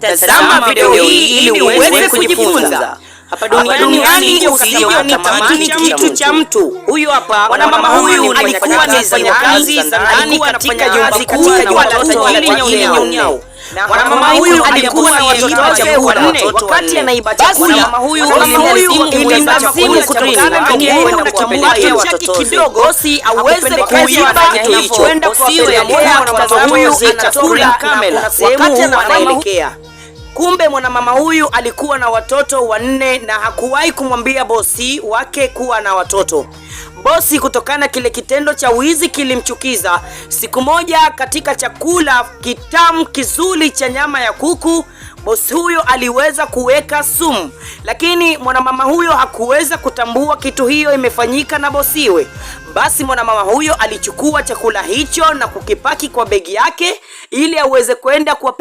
Tazama video hii ili uweze kujifunza. Hapa duniani usione tamani kitu cha mtu. Huyu hapa mama, huyu alikuwa ni mfanyakazi za ndani katika jumba kubwa la watoto wa utajiri Nyaunyau. mama huyu alikuwa na watoto wake wanne. Wakati anaiba chakula, huyu ilimlazimu kutokana na uwezo na kutambua kitu watoto kidogo, si aweze kuiba kitu hicho. Sio ya moja, mwanamama huyu anakula kamera wakati anaelekea Kumbe mwanamama huyu alikuwa na watoto wanne na hakuwahi kumwambia bosi wake kuwa na watoto. Bosi, kutokana kile kitendo cha wizi kilimchukiza. Siku moja katika chakula kitamu kizuri cha nyama ya kuku, bosi huyo aliweza kuweka sumu, lakini mwanamama huyo hakuweza kutambua kitu hiyo imefanyika na bosiwe. Basi mwanamama huyo alichukua chakula hicho na kukipaki kwa begi yake ili aweze kwenda kuwa